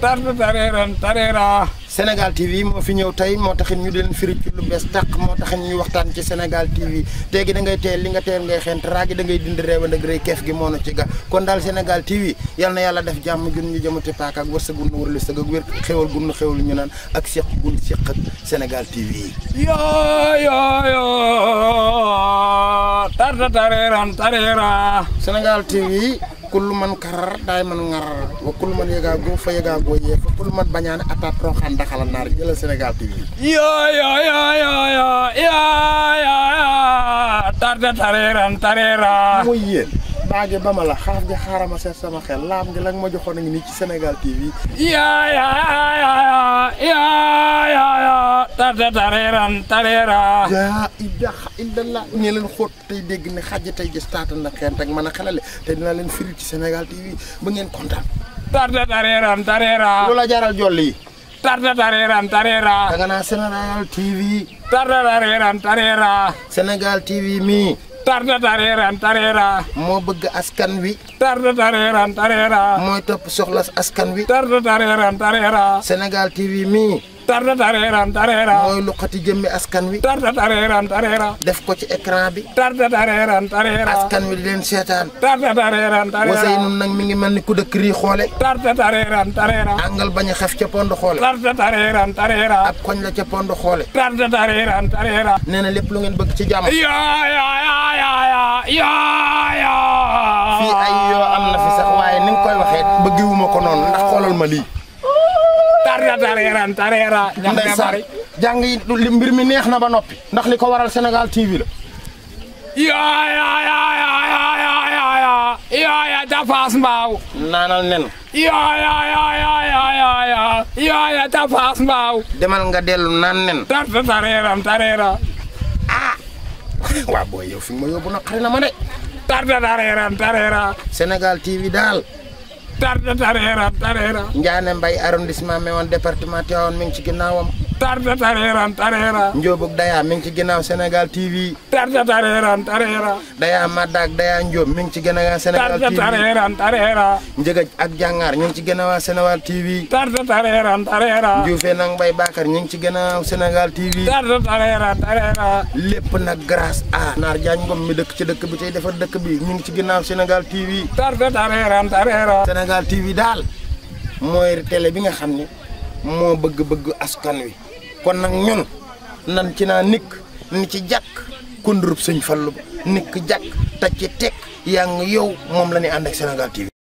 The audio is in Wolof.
tarde tareeran tareera Sénégal TV moo fi ñëw tey moo taxit ñu di leen firi ci lu bees tàq moo taxit ñu waxtaan ci Sénégal TV léegi da ngay teel li nga teel ngay xent raagi da ngay dindi réew ndag rëy keef gi moo na ci ga kon daal Sénégal TV yal na yàlla def jàmm gun ñu jëmati paak ak wërsëg gun wërlu sëg ak wér xewal gun xewal ñu naan ak seq gun seq ak Sénégal TV yoo yoo yoo tarde tareeran tareera Sénégal TV kullu man daay man ngarar wa kullu man yegaago fa yegaago yeef wa kullu man bañaane attaat ronxaan daxala naar jëlal Sénégal TV yo yo yo yo tarde tareeran tareera mooy yéen baage ba ma la xaaf gi xaarama seet sama xel laam gi la ma joxoon a ngi nii ci senegal TV tarta tareeran tareera yaa ilaha illallah ne leen xóot tey dégg ne xajja tey gis taata na xeen rek mën a xelale te dinaa leen firi ci Sénégal TV ba ngeen kontaan tarta tareeran tareera loola jaral jolli yi tarta tareeran tareera da nga naa Sénégal TV tarta tareeran tareera Sénégal TV mii tarta tareeran tareera moo bëgg askan wi tarta tareeran tareera mooy topp soxla askan wi tarta tareeran tareera Sénégal TV mii tarta tareeram tareera mooy luqati jëmmi askan wi def ko ci écran bi tarta tareeram tareera askan wi leen seetaan tarta tareeram tareera wasay mi ngi mel ni ku dëkk rii xoole a xef ca pond xoole tarta tareeram tareera ab koñ la ca pond xoole tarta tareeram tareera nee na lépp lu ngeen bëgg ci jàmm fii ay yoo am na fi sax waaye ni koy waxee bëggiwuma ko noonu ndax xoolal ma bari na tareeraan tareera ñax bari jàng yi mbir mi neex na ba ya ndax ya ya waral ya TV la yooya tafaas mbaaw naanal nen ya ya ya ya demal nga ya, naan nen tarta tareeram tareera ah waa booy yow fi ma yóbbu naqari na ma de tarta Tarera Tarera Senegal TV dal. tar tareera tareera Ndiané Mbaye arrondissement Meone département Tivaouane mi ngi ci ginnaawam tarda tarera tarera njobuk daya min ci ginaaw Senegal TV tarda tarera tarera daya madak daya njob min ci ginaaw senegal TV tarda tarera tarera njega ak jangar ñu ci ginaaw senegal TV tarda tarera tarera njuufee nang bay Bakar ñu ci ginaaw senegal TV tarda tarera tarera lepp nag grâce à nar jañ Ngom mi dekk ci dekk bi tay defal dekk bi ñu ci ginaaw senegal TV tarda tarera tarera senegal TV dal moy télé bi nga xam mo bëgg-bëgg askan wi kon nag ñun nan ci naa nikk ni ci jàkk kundurub sëñ Fallu nikk jàkk taj ci tekk yaa ngi yow moom la ñuy ànd ak Sénégal